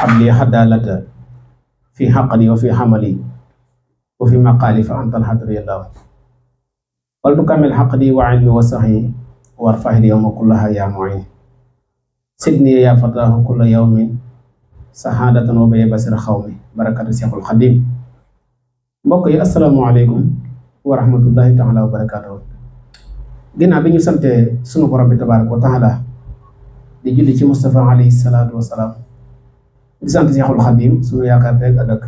حبلي حدالة في حقلي وفي حملي وفي مقالي فعن طلحة رضي الله ولتكمل حقدي وعلمي وسعي وارفع اليوم كلها يا معين سدني يا فتاه كل يوم سحادة وبي بسر خومي بركة الشيخ القديم بقي السلام عليكم ورحمة الله تعالى وبركاته جينا بيني سنتي سنو ربي تبارك وتعالى di julli ci mustafa alayhi salatu wa salam di sant cheikhul khadim sunu yaakaar tey ak ëllëg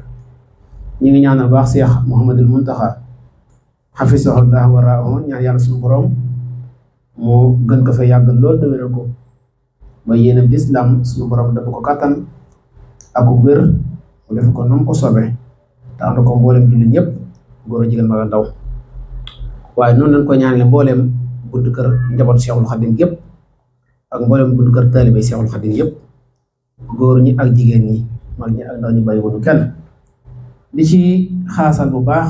ñu ngi ñaanal baax Seex Muhammadul Muntaxa xafisahullah wa raahu ñaan yalla sunu borom mo gën ko fa yàggal lool de wéral ko ba yeenam islam sunu borom dafa ko katan ak ko wër mu def ko nam ko sobe ta ànd ko mbolem jullit ñep góor jigen ma mag a ndaw waaye noonu lañ ko ñaanale mbolem buntu kër njabot cheikhul khadim yëpp ak mbolem buntu kër talibé cheikhul khadim yëpp goor ñi ak jigéen ñi mag ñi ak ndaw ñi bàyyi kenn di ci xaasal bu baax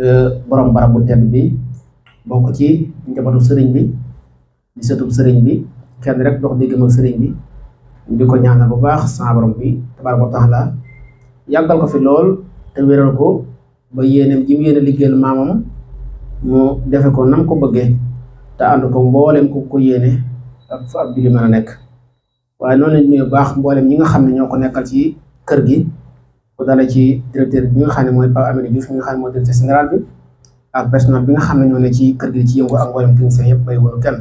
eh, borom barab bu tedd bi bokk ci njabootu sëriñ bi di sëtub sëriñ bi kenn rek dox diggam ak sëriñ bi ñu di ko ñaanal bu baax sa borom bi tabaaraka wa taala yàggal ko fi lool te wéral ko ba yéeneem ji mu yéene liggéeyal maamam mu defe ko nam ko bëggee te ànd ko mboolem ku ko yéene ak fa ab julli mën a nekk waaye noonu lañ baax mboolem ñi nga xam ne ñoo ko nekkal ci kër gi ku dala ci directeur bi nga xam ne mooy Pape Amadou Diouf mi nga xam ne mooy directeur général bi ak personnel bi nga xam ne ñoo ne ci kër ci yëngu ak mboolem technicien yëpp bay wonu kenn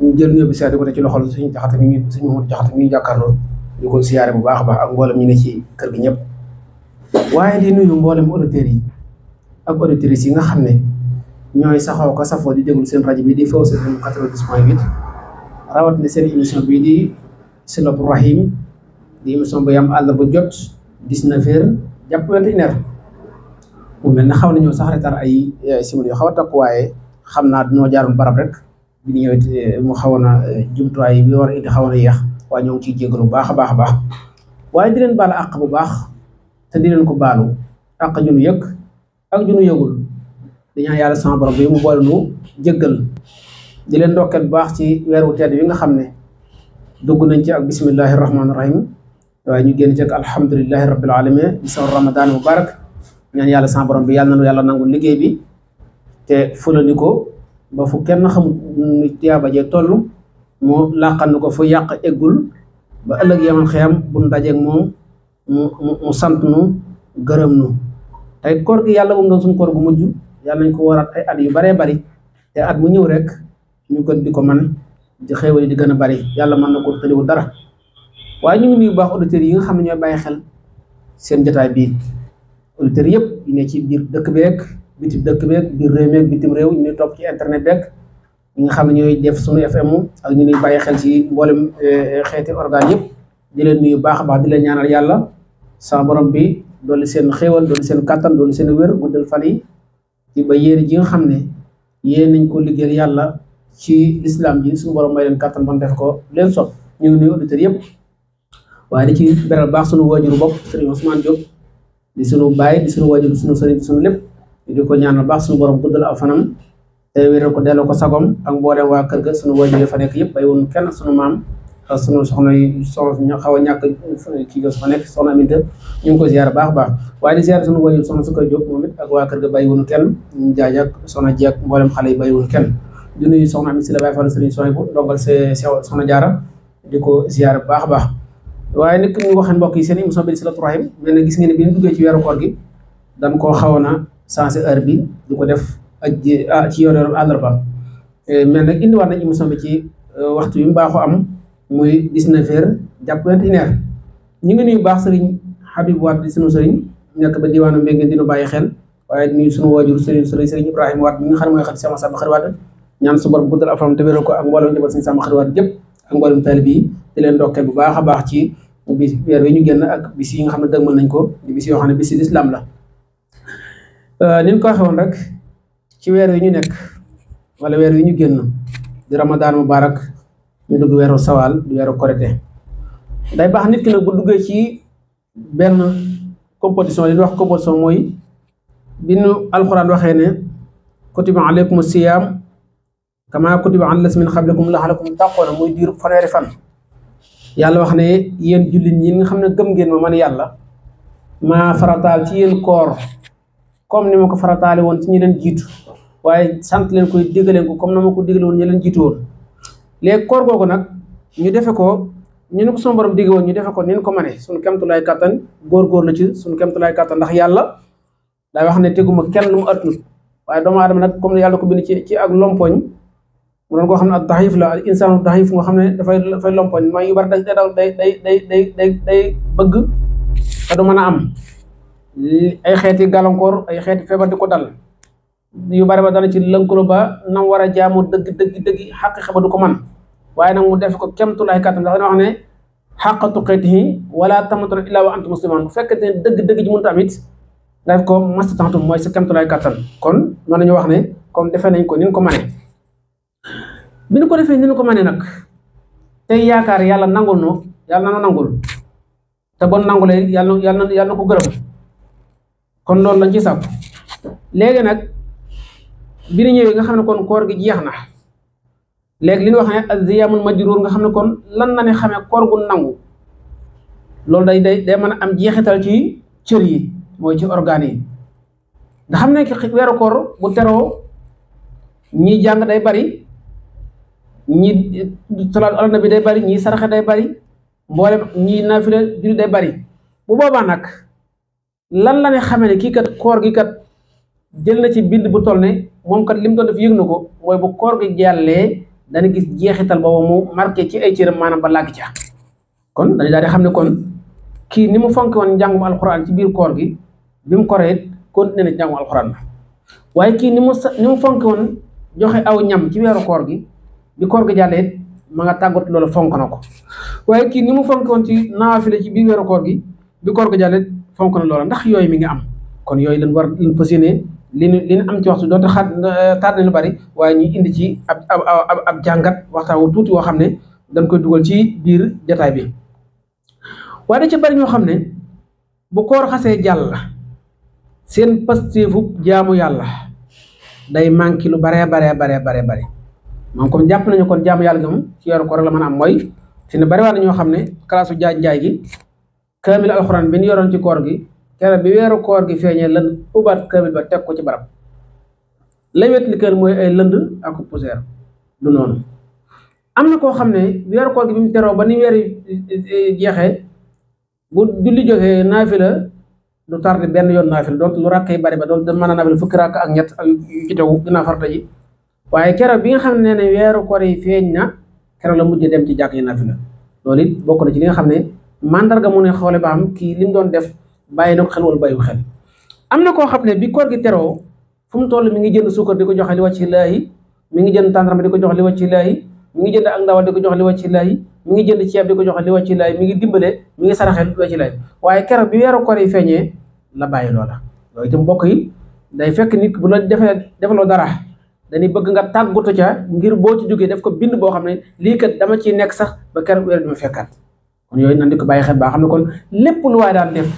ñu jël nuyu bi seeti ko te ci loxol suñu jaxate mi suñu Mamadou jaxate mi jàkkaarloo di ko siyaare bu baax a baax ak ñu ne ci ñëpp waaye di nuyu mboolem auditeurs yi ak auditrices yi nga xam ne ñooy saxoo ko safoo di déglu seen rajo bi di faw seen 90 point 8 rawat na seen émission bii di di émission bu yam àll bu jot japu neuf heures jàpp vingt et une heures mu mel na xaw nañoo sax retard ay simili yoo xaw a takk waaye xam naa barab rek bi ñu eh, mu eh, bi war indi xawoon a yéex waaye ñoo ngi ciy baax baax baax waaye di leen baal bu baax te di leen ko mu di len ndokkeel bax ci wéru tedd yi nga xamné dugg nañ ci ak bismillahir rahmanir rahim way ñu genn ci ak alhamdulillahi rabbil alamin di sawar ramadan mubarak ñaan yalla sa borom bi yalla nañu yalla nangul liggey bi te fulani ko ba fu kenn xam ni tiyaba je tollu mo laqan ko fu yaq egul ba ëlëk yamul xiyam bu nu ak mom mu sant nu gëreem nu tay koor gi yalla bu ngi sun koor gu mujju yalla nañ ko ay at yu bare bare té at mu ñew rek ñu gën diko man di xéewal di gëna bari yalla man na ko tëliwu dara waaye ñu ngi nuyu baax auditeur yi nga xamni ñoy baye xel seen jotaay bi auditeur yépp ñu ne ci biir dëkk beeg bitim dëkk beeg biir réew meeg bitim réew ñu ne topp ci internet beeg ñi nga xamni ñoy def sunu FM ak ñu nuy baye xel ci mbolam eh, xéeti organe yépp di leen nuyu baax baax di leen ñaanal yalla sa borom bi doli seen xéewal doli seen katan doli seen wër guddal fan yi ci ba yéene ji nga xam ne nañ ko liggéey yalla ci lislaam ji suñu borom may len katan ban def ko len sop ñu ñu nuyu auditeurs yëpp waaye di ci beral bax sunu wajuru bok serigne Ousmane Diop di sunu bay di sunu wajuru sunu serigne sunu lepp di ko ñaanal bax sunu borom guddal afanam e te ko delo ko sagom ak mbooleem wa kër ga sunu wajuru ya fa nek yëpp bay woon kenn sunu mam sunu soxna yi soxna ñu xawa ñak ki ga soxna nek soxna de ñu ko ziar bax bax waaye di ziar sunu wajuru sunu su diop momit ak wa kër ga bàyyi kenn ñu soxna jeeg mboolem xale yi kenn di nuyu soxna Ami Sylla bay Fall Serigne bu dogal se soxna Jaara diko ko ziar bax a baax waaye ñu waxe mbokk yi seen musa mosoo benn rahim nee gis ngeen bi ñu duggé ci wéru koor gi dañ ko xawoon sansé heure bi diko ko def ak ci yoreeru mel nak indi war nañ émission bi ci waxtu yu baaxu am muy 19h japp 21h ñu ngi nuyu bax Serigne Habib wad di sunu Serigne nek ba diwaanu Mbengue dina bàyyi xel waye nuyu sunu wajur Serigne Serigne ibrahim wad mi nga xam ne mooy xam si sama sàmm ñaan su borom guddal afam te wéral ko ak mboolem jëbal seen sama Xariwaat yëpp ak mboolem taalib yi di leen ndokkeel bu baaxa baax ci bis weer wi ñu genn ak bis yi nga xamne ne nañ ko di bis yo xamne ne bis lislaam la euh, niñ ko xewon rek ci weer wi ñu nekk wala weer wi ñu genn di ramadan mubarak ñu dugg weeru sawal di weeru korété day baax nit ki nak bu duggé ci benn compétition li wax compétition moy binu nu waxé né kutiba alaykumus siyam kama kutiba an las min xablikum laxalakum tàqoona muy yàlla wax ne yéen jullit ñi nga xam ne gëm ngeen ma man yàlla maa farataal ci yéen koor comme ni ma ko farataale woon ci ñi leen jiitu waaye sant leen koy digaleen ko comme na ma ko digale woon ñi leen jiitu woon léegi koor googu nag ñu defe ko ñu ne ko suñu borom digg woon ñu defe ko nin ko manee suñu kemtulaay kàttan góor-góor la ci suñu kemtulaay kàttan ndax yàlla daa wax ne teguma kenn lu mu atnut waaye doomu aadama nag comme yàlla ko bind ci ci ak lompoñ mu doon koo xam ne ak daxiif la al insaanu daxiif nga xam ne dafay dafay lompoñ mooy yu bari day daw day day day day bëgg te du mën a am ay xeeti gàllankoor ay xeeti feebar di ko dal yu bari ba dana ci lënkalu ba nam war a jaamu dëgg dëgg dëgg xàq xaba du ko man waaye nag mu def ko kemtulaay kàttan ndax dana wax ne xàqa tuqeetihi wala tamatun illaa wa antum musliman bu fekkente te dëgg dëgg ji mënut amit nga def ko masta tantum mooy sa kemtulaay kàttan kon mën nañu wax ne comme defee nañ ko ni nga ko manee bi ñu ko defee ni ñu ko mënee nag tey yaakaar yàlla nangul no yàlla na nangul te bon nangulee yàlla yàlla na yàlla ko gërëm loolu lañ ci sab léegi nag bi ñu ñëwee nga xam ne kon koor gi jeex na léegi li ñu wax ne aziyaamul majruur nga xam ne kon lan la ne xamee koor gu nangu loolu day day day mën a am jeexital ci cër yi mooy ci organes yi nga xam ne weeru koor bu teroo ñiy jàng day bari ñi salaatu ala nabi day bari ñi saraxa day bari mboolem ñi naafila julli day bari bu boobaa nag lan la ne xame ne kii kat koor gi kat jël na ci bind bu toll ne moom kat li mu doon def yég na ko mooy bu koor gi jàllee dana gis jeexital boobu mu marqué ci ay cëram maanaam ba làgg kon dañu daal xam ne kon kii ni mu fonk woon njàngum alxuraan ci biir koor gi bi mu koree kon continué na njàngum alxuraan waaye kii ni mu sa fonk woon joxe aw ñam ci weeru koor gi. di koor ga jalle ma nga tagot loolu fonk na ko waaye kii ni fonk won ci naafile ci bi weeru koor gi bi koor ga jalle fonk na loola ndax yoy mi nga am kon yoy lañ war lañ fasiyene yéene li li am ci waxtu doonte xat taar na lu bari waaye ñu indi ci ab ab ab jàngat waxtaan wu tuuti woo xam dañ koy duggal ci bir jotaay bi waaye da ci bari ño xamne bu koor xasse jàll sen pastéefu jaamu yalla day manki lu bare bare bare bare bare moom comme jàpp nañu kon jaamu yàlla gi moom ci weeru koor la mën a am mooy fi ne bari waa na ñoo xam ne kalaasu jaaj njaay gi kaamil alxuraan bi ñu yoroon ci koor gi keroog bi weeru koor gi feeñee lënd ubaat kaamil ba teg ko ci barab lay wet lënd ak poussière na koo xam ne weeru koor gi ba ni weer jeexee bu julli joxee naafila du tardi benn yoon naafila doon lu rakk yi bari ba doon mën a naafila fukki rakk ak ñett ak yu ci tegu ginnaaw farata ji waaye keroog bi nga xam ne ne weeru koor yi feeñ na keroog la mujj dem ci jàkk yi nafila loolu it bokk na ci li nga xam ne mandarga mu ne xoole ba am kii li mu doon def bàyyi na ko xel wala bàyyiwu xel am na koo xam ne bi koor gi teroo fu mu toll mi ngi jënd suukar di ko joxe li wàcc laahi mu ngi jënd tàndarma di ko jox li wàcc laahi mi ngi jënd ak ndawal ko jox li wàcc laahi mi ngi jënd ceeb di ko jox li wàcc laahi mi ngi dimbale mi ngi saraxe li wàcc laahi waaye keroog bi weeru koor yi feeñee la bàyyi loola loolu itam mbokk yi day fekk nit bu la defee defaloo dara dañuy bëgg nga tagguto ca ngir bo ci joggé def ko bind bo xamné li kat dama ci nekk sax ba kër wër du fekkat kon yoy ko xet ba xamné kon lepp lu way daan def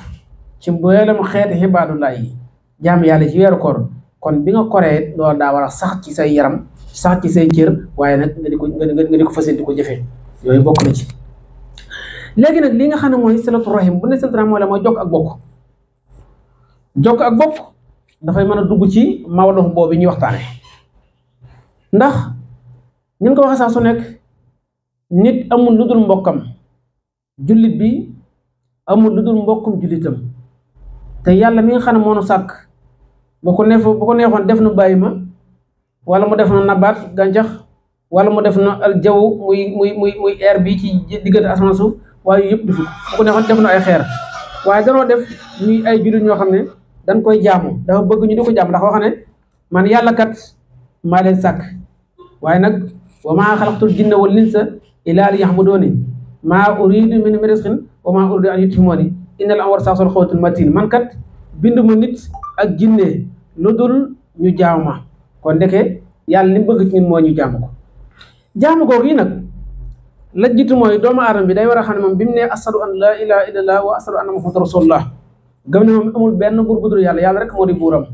ci mboolem xet xibaadulaa yi yalla ci wër koor kon bi nga koré do da wara sax ci say yaram sax ci say cër waye nak nga di ko nga di ko fas di ko jëfee na ci légui nak li nga xamné moy salatu rahim bu ne salatu rahim mooy la jokk ak bokk jokk ak bokk da fay mëna dugg ci mawlahu bobu waxtane ndax ñu ngi ko waxee saa su nekk nit amul lu dul mbokkam jullit bi amul lu dul mbokkum jullitam te yàlla mi nga xam ne moo nu sàkk bu ko neef neexoon def na bàyyi ma wala mu def na nabaat gàncax wala mu def na aljawu muy muy muy air bi ci diggante asamaan suuf waaye yëpp defu ko bu ko neexoon def na ay xeer waaye danoo def ñuy ay jullit ñoo xam ne dañ koy jaamu dafa bëgg ñu di ko jaamu ndax wax ne man yàlla kat. maa leen sàkk waaye nag wa maa xalaqtul jinna wal insa illaa liya'buduuni maa uriidu minhum min rizqin wa maa uriidu an yut'imuuni innal abraara lafii xawtin matin man kat binduma nit ak jinne lu dul ñu jaamu ma kon ndeke yàlla li bëgg ci ñun mooy ñu jaamu ko jaamu googu yi nag la jiitu mooy doomu aadama bi day war a xam ne moom bi mu ne asadu an laa ilaaha illallaah wa asadu anna muhammadan rasulullah gëm ne moom amul benn buur bu yàlla yàlla rek moo di buuram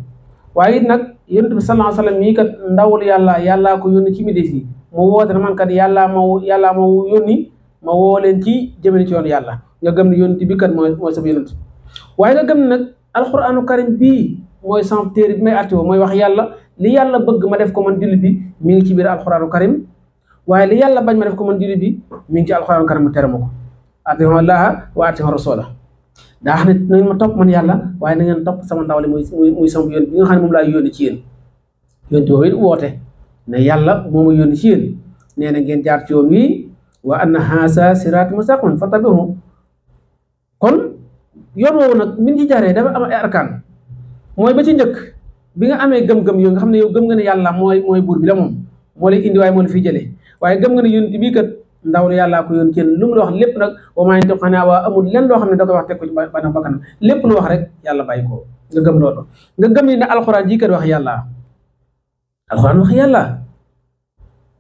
waaye yonent bi sallallahu alayhi wa sallam mii kat ndawul yàlla yàllaa ko yónni ci mbindéef yi mu woote ne man kat yàllaa ma yàllaa ma ma woo leen ci jëmale ci yoon yàlla nga gëm ne yónent bi kat mooy mooy sama yónent waaye nga gëm ne nag alquranu karim bii mooy sama téere bi may artiwo mooy wax yàlla li yàlla bëgg ma def ko man jullit bi mi ngi ci biir alquranu karim waaye li yàlla bañ ma def ko man jullit bi mi ngi ci mu tere ma ko atiiu wa atiiu rasuula daa xam ne na ma topp man yàlla waaye na ngeen topp sama ndaw li muy muy sama yoon bi nga xam ne moom laay yónni woote ne yàlla mooma yónni ci yéen nee na ngeen jaar ci yoon wi wa anna haasa siraat mustaqim fattabi'uhu kon yoon woowu nag min ci jaaree dafa am ay arkaan mooy ba ci njëkk bi nga amee gëm-gëm yow nga xam ne yow gëm nga ne yàlla mooy mooy buur bi la moom moo lay indi moo la fiy waaye gëm nga ne yónni bii ndaw lu yàllaa ko yoon ci lu mu la wax lépp nag wamaa nte xanaa waa amul lenn loo xam ne da koy wax teg ko ci bana bakkanam lépp lu wax rek yàlla bàyyi ko nga gëm loolu nga gëm ni ne alxuraan jii wax yàlla alxuraan wax yàlla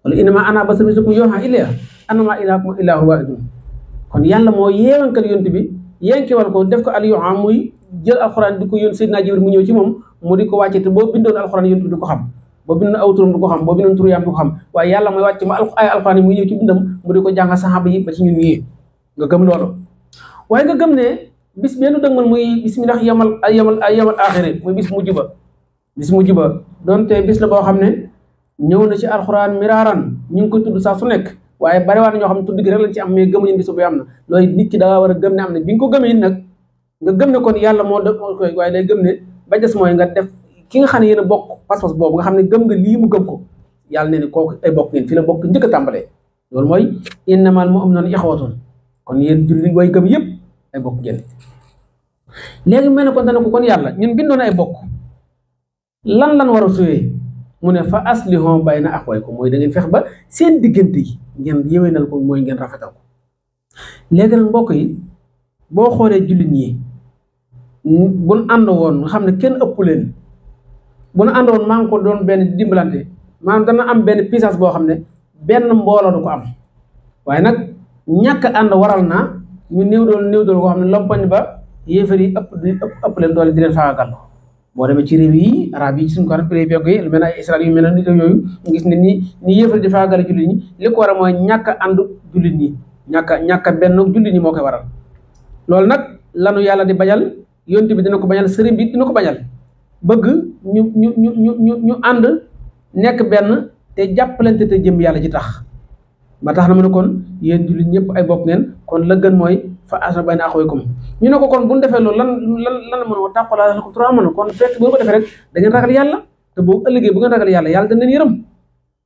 wala innama ana basarun mislukum yuuhaa ilayya annamaa ilaahukum ilaahun waahidun kon yàlla moo yeewankal yonent bi yenkewal ko def ko al yuuhaa muy jël alxuraan di ko yón Seydina Jibril mu ñëw ci moom mu di ko wàcce te boo bindoon alxuraan yonent bi du ko xam boo bindoon aw turam du ko xam boo bindoon tur yaam du ko xam waaye yàlla mooy wàcc ma al ay alxuraan yi muy ñëw ci bindam mu di ko jàng saxaaba yi ba ci ñun ñii nga gëm loolu waaye nga gëm ne bis benn dëgmal muy bisimilah yamal yamal yamal axiri muy bis mujj ba bis mujj ba donte bis la boo xam ne ñëw na ci alxuraan miraaran ñu ngi koy tudd saa su nekk waaye bari waa na ñoo xam ne tudd gi rek lañ ci am mais gëmuñu bis bu am na loolu nit ki da ngaa war a gëm ne am na bi nga ko gëmee nag nga gëm ne kon yàlla moo dëkk waaye day gëm ne ba des mooy nga def ki nga xam ne yéen a bokk pas-pas boobu nga xam ne gëm nga lii mu gëm ko yàlla ne ni kooku ay bokk ngeen fi la bokk njëkk a tàmbalee loolu mooy innamal mu'minuuna ixwatun kon yéen julli way gëm yëpp ay bokk ngeen léegi mel ne kon dana ko yàlla ñun bindoon ay bokk lan lan war a suyee mu ne fa bay aslihu bayna ko mooy da ngeen fex ba seen diggante yi ngeen nal ko mooy ngeen rafetal ko léegi nag mbokk yi boo xoolee jullit ñi buñ ànd woon nga xam ne kenn ëpp leen buna andon man ko don ben dimbalante man dana am ben puissance bo xamne ben mbolo du ko am waye nak ñak and waral na ñu new do new do ko xamne ne ba yeferi ep ëpp ep ëpp leen doole di leen faagaagal boo demee ci rew yi arab yi sun ko xam réew yi lu mena ne Israël yu mena ne nit yoyu ngiss ni ni ni yeferi di faagaagal jullit ñi li ko wara moy ñak and ànd jullit ñaka ñaka ben benn jullit ñi koy waral lol nak lanu yalla di bañal yonent bi dina ko bañal sëriñ bi dina ko bañal bëgg ñu ñu ñu ñu ñu ànd nekk benn te jàppalante te jëm yàlla ji tax ba tax na mu ne kon yéen jullit ñëpp ay bokk ngeen kon la gën mooy fa asra bayna axawaykum ñu ne ko kon bu ñu defee loolu lan la lan mën a tàqalaa lakum turhamuun kon defee rek da ngeen ragal te boo ëllëgee bu ngeen ragal yàlla yàlla dañ leen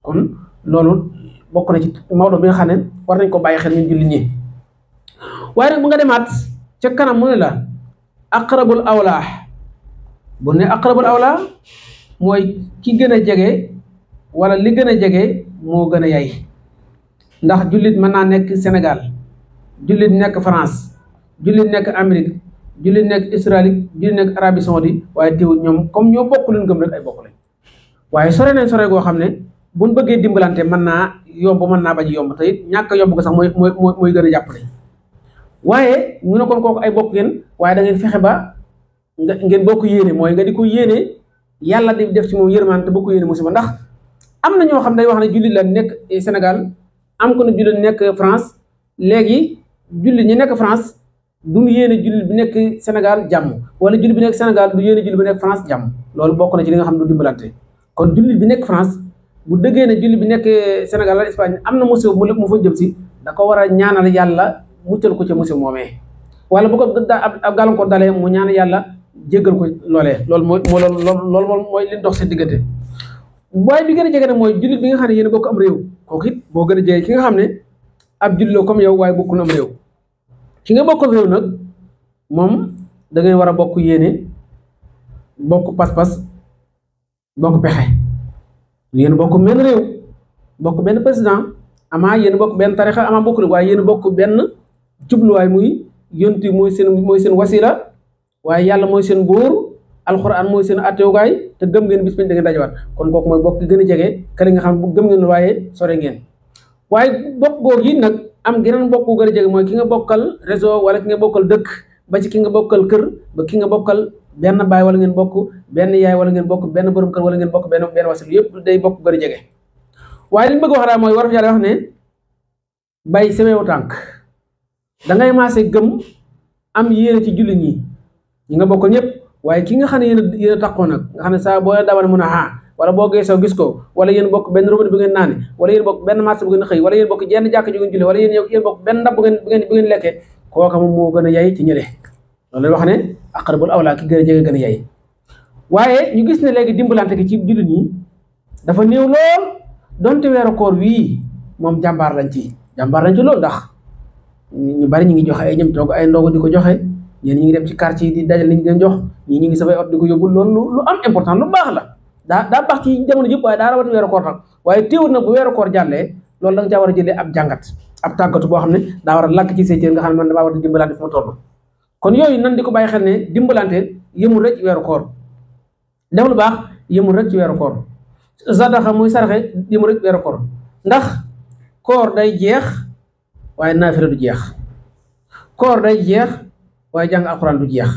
kon loolu bokk na ci Maodo bi nga xam ne war nañ ko bay xel ñun jullit ñi waaye nag bu nga demaat ca kanam mu ne la aqrabul awlaa bu ne aqrabul awla mooy ki gën a jege wala li gën a jege moo gën a yay ndax jullit mën naa nekk Sénégal jullit nekk France jullit nekk Amérique jullit nekk Israël jullit nekk Arabie Saoudi waaye teewul ñoom comme ñoo bokk luñ gëm rek ay bokk lañ waaye sore nañ sore goo xam ne buñ bëggee dimbalante mën naa yomb mën naa bañ yomb tey ñàkk yomb ko sax mooy mooy gën a jàppale waaye ñu ne kon ay bokk ngeen waaye da fexe ba. ngeen boo yéene mooy nga di ko yéene yàlla di def ci moom yërmaan te boo ko yéene musiba ndax am na ñoo xam day wax ne jullit la nekk Sénégal am ko ne jullit nekk France léegi jullit ñi nekk France duñ yéene jullit bi nekk Sénégal jàmm wala jullit bi nekk Sénégal du yéene jullit bi nekk France jàmm loolu bokk na ci li nga xam du dimbalante kon jullit bi nekk France bu dëggee ne jullit bi nekk Sénégal wala am na musiba mu lépp mu fa jëm si da ko war a ñaanal yàlla muccal ko ca musiba moomee wala bu ko ab gàllankoor dalee mu ñaan yàlla jéggal ko loolee loolu mooy moo loolu loolu dox seen diggante waaye bi gën a jege nag mooy jullit bi nga xam ne yéen a bokk am réew kooku it moo gën a jege ki nga xam ne ab jullit la comme yow waaye bokkul am réew ki nga bokkul réew nag moom da ngay war a bokk yéene bokk pas-pas bokk pexe yéen bokk benn réew bokk benn président amaa yéen bokk benn tarixa amaa bokkul waaye yéen bokk benn jubluwaay muy yonti mooy seen mooy seen wasila waye yalla moy seen bour alquran moy seen attewukaay te gem ngeen bis bi da ngeen kon bok moy bok gëna jégé a jege nga xam gem ngeen waye sore ngeen waye bok yi nak am geneen bok gu gëna jégé moy ki nga bokkal réseau wala ki nga bokkal dëkk ba ci ki nga bokkal kër ba ki nga bokkal benn bay wala ngeen bok benn yaay wala ngeen bok benn borom kër wala ngeen bokk benn benn wasil yëpp day bok gëna jégé waye li bëgg wax ra moy war yalla wax ne bay wu tank da ngay massé gem am yéene ci julli ñi ñi nga bokkul ñep waye ki nga xane ne yéen yéen nga xane sa saa dabal mu na ha wala bo geesoo gis ko wala yeen bokk ben robot bu ngeen naani wala yeen bokk ben marché bu ngeen xey wala yeen bokk jenn jàkk ju ngeen julli wala yeen yeen bokk ben ndab bu ngeen bu ngeen bu ngeen lekkee kooka moom moo gën a ci ñële lolé wax né aqrabul awla ki gëna jëgë gëna yayi waye ñu gis né légui dimbulante gi ci jullit ñi dafa néew lool donte wéro koor wi mom jambar lañ ci jambar lañ ci lool ndax ñu bari ñi ngi joxe ay ñam togo ay ndogo diko ko joxe ñeen ñi ngi dem ci quartier yi di dajal liñ leen jox ñii ñi ngi safay ot di ko yóbbul loolu lu am important lu baax la daa daa baax ci jamono jëpp waaye daa rawati weeru koor tam waaye téewul nag bu weeru koor jàllee loolu da nga caa war a jëlee ab jàngat ab tàggatu boo xam ne daa war a lakk ci say cër nga xam ne man damaa war di dimbalante fu ma toll kon yooyu nan di ko bàyyi xel ne dimbalante yëmul rek ci weeru koor def lu baax yemul rek ci weeru koor sadaxa muy saraxe yëmul rek weeru koor ndax koor day jeex waaye naafila du jeex koor day jeex waye jang alquran du jeex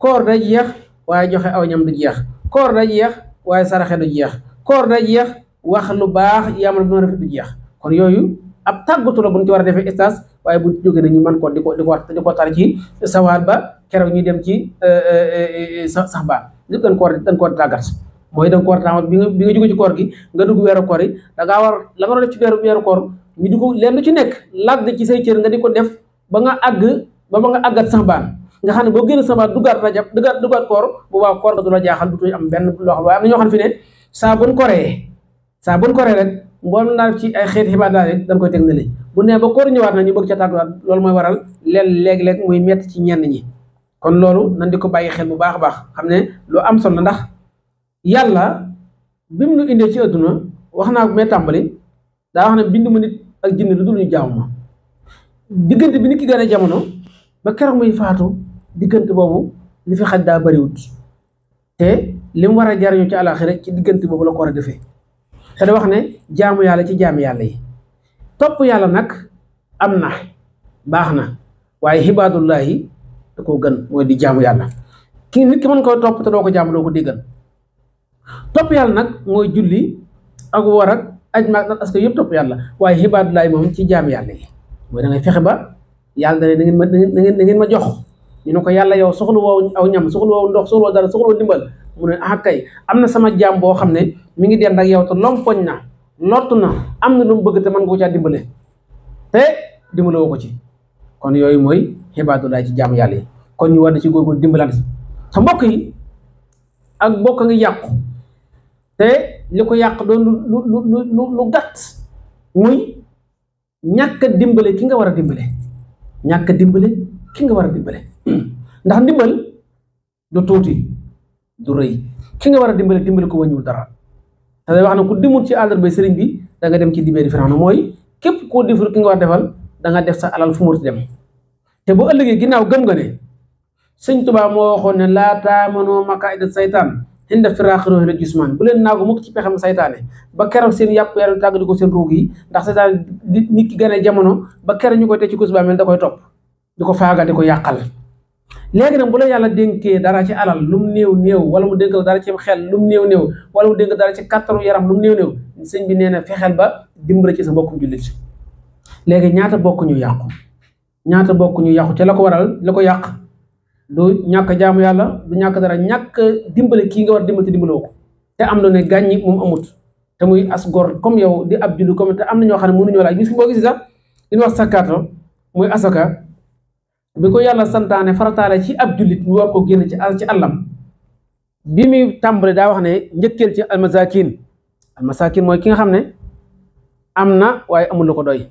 koor da jeex waye joxe awñam du jeex koor da jeex waye saraxé du jeex koor da jeex wax lu baax yaamal bu rafet du jeex kon yoyu ab tagatu la buñ ci wara a estas waye bu jóge na ñu man ko diko diko di ko tar ci sawal ba kéro ñu dem ci euh, euh, euh, sax sax baa lépp dañ ko dañ ko tagat moy dañ ko war bi nga bi nga ci koor gi nga dugg weeru koor yi da nga war la nga war def ci weeru weeru koor ñu diko lenn ci nek lag ci say cër nga diko def ba nga ag ba ba nga àggat sambaan nga xam ne boo génn sambaan duggaat rajab duggaat duggaat koor bu baax koor du la jaaxal du tuuti am benn loo xam waaye am na ñoo xam fi ne saa buñ koree saa buñ koree rek mboolem daal ci ay xeet xibaar daal dañ koy teg bu nee ba koor ñëwaat na ñu bëgg ca tàgguwaat loolu mooy waral leen léeg-léeg muy metti ci ñenn ñi kon loolu nan di ko bàyyi xel bu baax a baax xam ne lu am solo ndax yàlla bi mu nu indee ci adduna wax naa ko may tàmbali daa wax ne bind ma nit ak jinn lu dul ñu jaamu diggante bi nit ki gën jamono ba keroog muy faatu diggante boobu li fi xaj daa bëriwut te li war a jariñu ci àllaaxira ci diggante boobu la ko war a defee te da wax ne jaamu yàlla ci jaamu yàlla yi yàlla nag am na baax na waaye xibaadullahi da koo gën mooy di jaamu yàlla ki nit ki koy topp te doo ko jaamu doo ko déggal topp yàlla nag mooy julli ak war ak aj maag nag askan yëpp topp yàlla waaye xibaadullahi moom ci jaamu yàlla yi mooy da fexe ba yàlla na ne na ngeen ma na ngeen na ngeen ma jox ñu ne ko yàlla yow soxla woo aw ñam soxla woo ndox soxla woo dara soxla woo mu ne a ah, kay am na sama jaam boo xam ne mi ngi dend ak yow te lompoñ na lottu na am na lu bëgg te mën nga ko caa dimbale te dimbale ko ci kon yooyu mooy xibaadulaay ci jaam yàlla yi kon ñu war na ci góorgóor dimbalante te mbokk yi ak mbokk a ngi yàqu te li ko yàq doon lu lu lu lu gàtt muy ñàkk dimbale ki nga war a dimbale ñàkk dimbale ki nga war a dimbale ndax ndimbal du tuuti du rëy ki nga war a dimbale dimbale ko wàññiwul dara te wax na ku dimul ci àllarba sëriñ bi da nga dem ci dibeeri na mooy képp koo deful ki nga war a defal danga def sa alal fu dem te boo ëllëgee ginnaaw gëm nga ne sëñ Tuubaa moo waxoon ne laa taamanoo makaida seytaan inda firaaqi ruuhi la jusmaan bu leen naagu mukk ci pexam saytaane ba keroog seen yàpp yaram tàggadi ko seen ruug yi ndax saytaane nit ki gane jamono ba keroog ñu koy teg ci kus bàmmeel da koy topp di ko faaga di ko yàqal léegi nag bu la yàlla dénkee dara ci alal lu mu néew néew wala mu dénk dara ci lu mu néew néew wala mu dénk ci kattanu yaram lu mu néew néew sëñ bi nee na fexeel ba dimbali ci sa mbokkum jullit léegi ñaata bokk ñu yàqu ñaata bokk ñu yàqu ca la ko waral la ko yàq du ñàkk a jaamu yàlla du ñàkk dara ñàkk dimbale kii nga war dimbal te dimbaloo ko te am na ne gàññi moom amut te muy as gor comme yow di ab julli comme te am na ñoo xam ne mënuñoo laaj gis boo gis sax li ñu wax sakaato muy asaka bi ko yàlla santaane farataale ci ab jullit ñu war ko génn ci ci àllam bi muy daa wax ne njëkkeel ci almasakin almasakin mooy ki nga xam ne am na waaye amul lu ko doy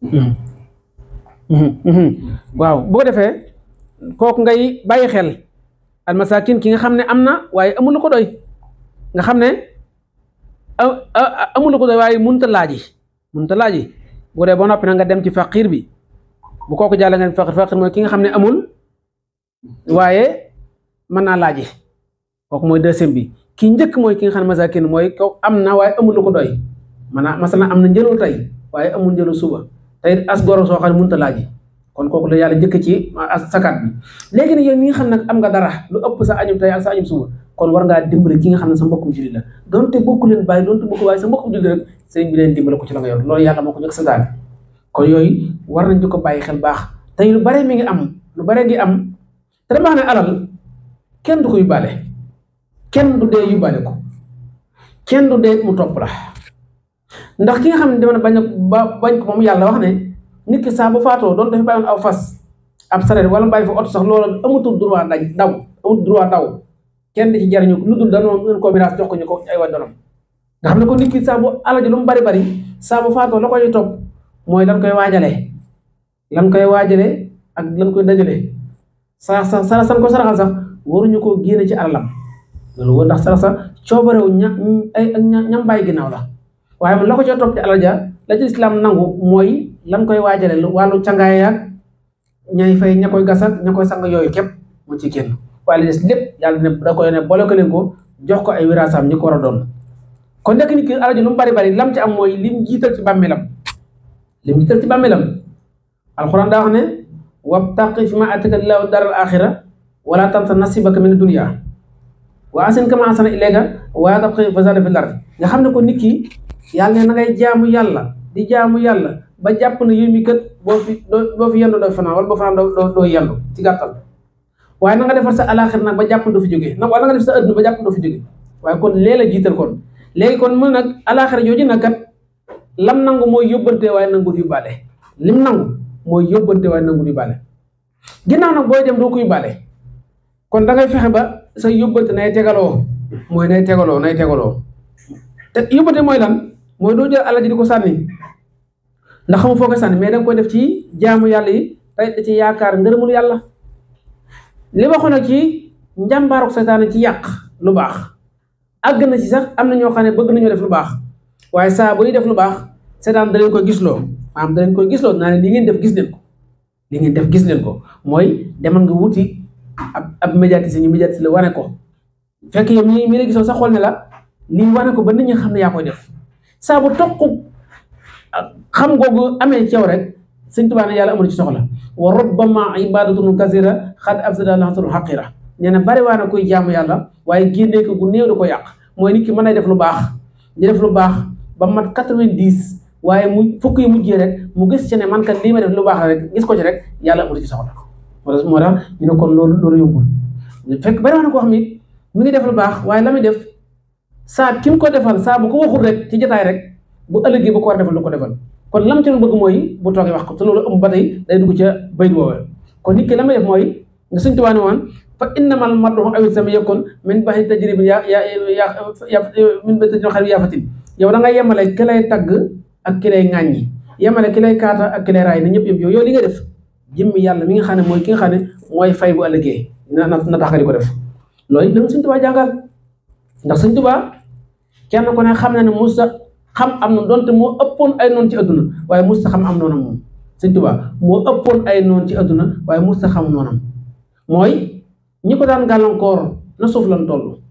hmm. Mhm, mhm. waaw bu ko defee kook ngay bàyyi xel almasaakin ki nga xam ne am na waaye amul lu ko doy nga xam ne amul lu ko doy waaye mënut a laaj mënut a laaj bu ko defee ba noppi na nga dem ci faqir bi bu kooku jàll nga faqir faqir mooy ki nga xam ne amul waaye mën naa laaj kooku mooy deuxième bi ki njëkk mooy ki nga xam ne masaakin mooy kooku am na waaye amul lu ko doy maanaam masala am na njëlul tey waaye amul njëlul suba. tay as borom so xal munta laaji kon koku la yalla jëk ci as sakat bi léegi ne yow mi xam nak am nga dara lu upp sa añum tay ak sa añum suba kon war nga dimbali ki nga xam ne sa mbokum jullit la donte bokku len bay donte bokku way sa mbokum jullit rek sëriñ bi len dimbali ko ci la nga yor loolu yalla moko jëk sa daal kon yoy war nañ diko bayyi xel bax tay lu bare mi ngi am lu bare gi am te ma na alal kenn du koy balé kenn du yu balé ko kenn du dé mu top la ndax ki nga xam ne dama bañ ba bañ ko moom yàlla wax ne nit ki saa faatoo doon dafa bàyyoon aw fas ab sareet wala mbaay fa oto sax loolu amatul droit dañ daw amatul droit daw kenn di ci jariñu lu dul danoo leen jox ko ñu ko ay wàllu doonam nga ko nit ki saa bu mu bari bari saa bu faatoo la koy topp mooy lan koy waajalee lan koy waajalee ak lan koy dajalee sa sa sa san ko saraxal sax waruñu koo génne ci alalam loolu ndax sarax sax coobarewu ña ay ak ñam bàyyi ginnaaw la waye moom lako ci top ci la ci islam nangu mooy lan koy wajale walu wàllu cangaay ak ñay fay ñakoy koy ñakoy sang yoy kep mu ci kenn waaye li des lépp yàlla ne da koy yone boole ko len ko jox ko ay wirasam ñi ko ra doon kon nekk ni ki lu bari bari lam ci am moy lim jital ci bammelam lim jital ci bammelam alquran da wax ne wabtaqi fi ma ataka dar alakhirah wala tansa nasibaka min dunya wa asin kama asana ilega wa tabqi fazal fil ard nga ya, xamne ko nit ki yalla ne na ngay jaamu yalla di jaamu yalla ba japp na yimi kat bo fi bo fi yendu do fana wala boo fanaan do do yendu ci gattal waye na nga defal sa alakhir nak ba japp do fi joge nak wala nga def sa adduna ba japp do fi joge waye kon leela jital kon legi kon mu nak alakhir joji nak kat lam nangu moy yobante waye nangu di bàle lim nangu moy yobante waye nangu di bàle ginnaaw nag booy dem do kuy balé kon da ngay fexé ba sa yobante nay tégalo moy nay tégalo nay tégalo te yobante moy lan mooy doo jël alal ji di ko sànni ndax xamu foo ko sànni mais da koy def ci jaamu yàlla yi tey ci yaakaar ngërëmul yàlla li waxoon nag ci njàmbaaru seytaane ci yàq lu baax àgg na ci sax am na ñoo xam ne bëgg nañu def lu baax waaye saa bu def lu baax seytaan da leen koy gisloo maanaam da leen koy gisloo naa ne li ngeen def gis leen ko li ngeen def gis leen ko mooy demal nga wuti ab ab médiatisé ñu médiatisé la wane ko fekk yow mi mi gisoo sa xool ne la lii wane ko ba nit ñi xam ne yaa koy def saa bu toq xam googu amee ci yow rek sëñ Tuubaa ne yàlla amul ci soxla wa robbama ibadatun kasira xad afsada nasul xaqira nee bari waa koy jaamu yàlla waaye génnee ko gu néew da ko yàq mooy nit ki mën nay def lu baax di def lu baax ba mat quatre vingt mu fukk yi mujjee rek mu gis ci ne man kat lii def lu baax rek gis ko ci rek yàlla amul ci soxla moo tax moo tax ñu ne kon loolu loolu yóbbul fekk bari waa na xam ne mi ngi def lu baax waaye la def saa ki mu ko defal saa bu ko waxul rek ci jotaay rek bu ëllëgee bu ko war a defal lu ko defal kon lam ci doon bëgg mooy bu toogee wax ko te loolu am ba tey day dugg kon nit ki la mooy nga suñ tubaane woon fa innamal madhu awit sama yëkkoon min baxi tajribi yow ki lay tagg ak ki lay ŋàññi yemale ki ñëpp yëpp yow yow li nga def jëmmi yàlla mi nga xam ne mooy ki nga xam ne mooy fay bu ëllëgee na na tax nga di ko def loolu itam suñ tubaa jàngal ndax sëñ Tuubaa kenn ku ne xam na ne musta xam am na donte moo ëppoon ay noonu ci waaye musta xam am noonam moom sëñ Tuubaa moo ëppoon ay noonu ci adduna waaye musta xam noonam mooy ñi ko daan gàllankoor na suuf lan toll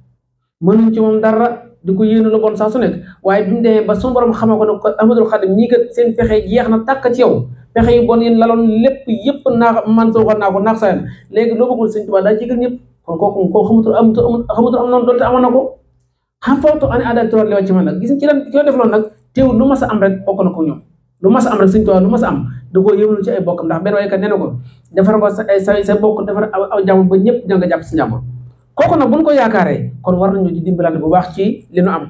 mënuñ ci moom dara di ko yéene lu bon sax su nekk waaye bi mu demee ba suñu borom xamal ko ne Ahmadul Xadim ñii kat seen pexe jeex na takk ci yow pexe yu bon yéen laloon lépp yëpp naax man soo ko naa ko naax sa léegi loo bëggul sëñ Tuubaa daa ci gën ñëpp kon kooku koo xamatul amatul te am noonu donte amoon na ko xam fawtu an ada tour li wacc man nak gis eh, eh, eh? ci lan ko def lon nak teew lu sa am rek bokko nako ñoom lu sa am rek señ tuwa lu sa am da ko yewul ci ay bokkam ndax ben way ka neena ko defar ko sa sa sa bokk defar aw jamm ba ñepp jang japp ci jamm koku nak buñ ko yaakaare kon war nañu di dimbalante bu baax ci li nu am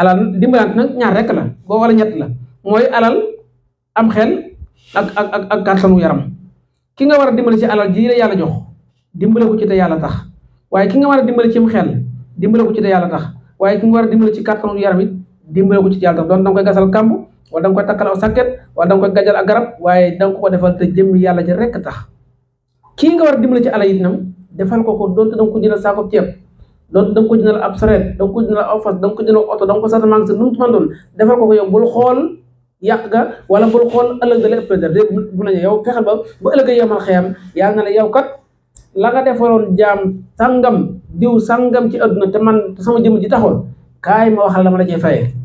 alal dimbalante nak ñaar rek la bo wala ñet la moy alal am xel ak ak ak ak kartanu yaram ki nga wara dimbali ci alal ji la yalla jox dimbali ko ci te yalla tax waye ki nga wara dimbali ci xel dimbali ko ci te yalla tax waye ki mu war a dimbali ci carton yaram yi dimbali ko ci yalla don dang koy gasal kambu wala dang koy takal aw sàkket wala dang koy gajal ak garab waye dang ko defal te jëm yalla ji rek tax ki nga war a dimbali ci ala yi nam defal ko ko don dang ko dina saako tiep don dang ko dina ab sareet dang ko dina aw fas danga ko dina auto dang ko sa tamang ci num tu mandon defal ko ko yow bul xol yàq ga wala bul xol ëllëg da la ëpp bu nañu yow fexal ba bu ëllëg yamal xiyam yalla na la yow kat la nga defaroon jaam sangam diw sangam ci adduna te man sama jëmm ji taxoon kaay ma waxal la ma la cee fayee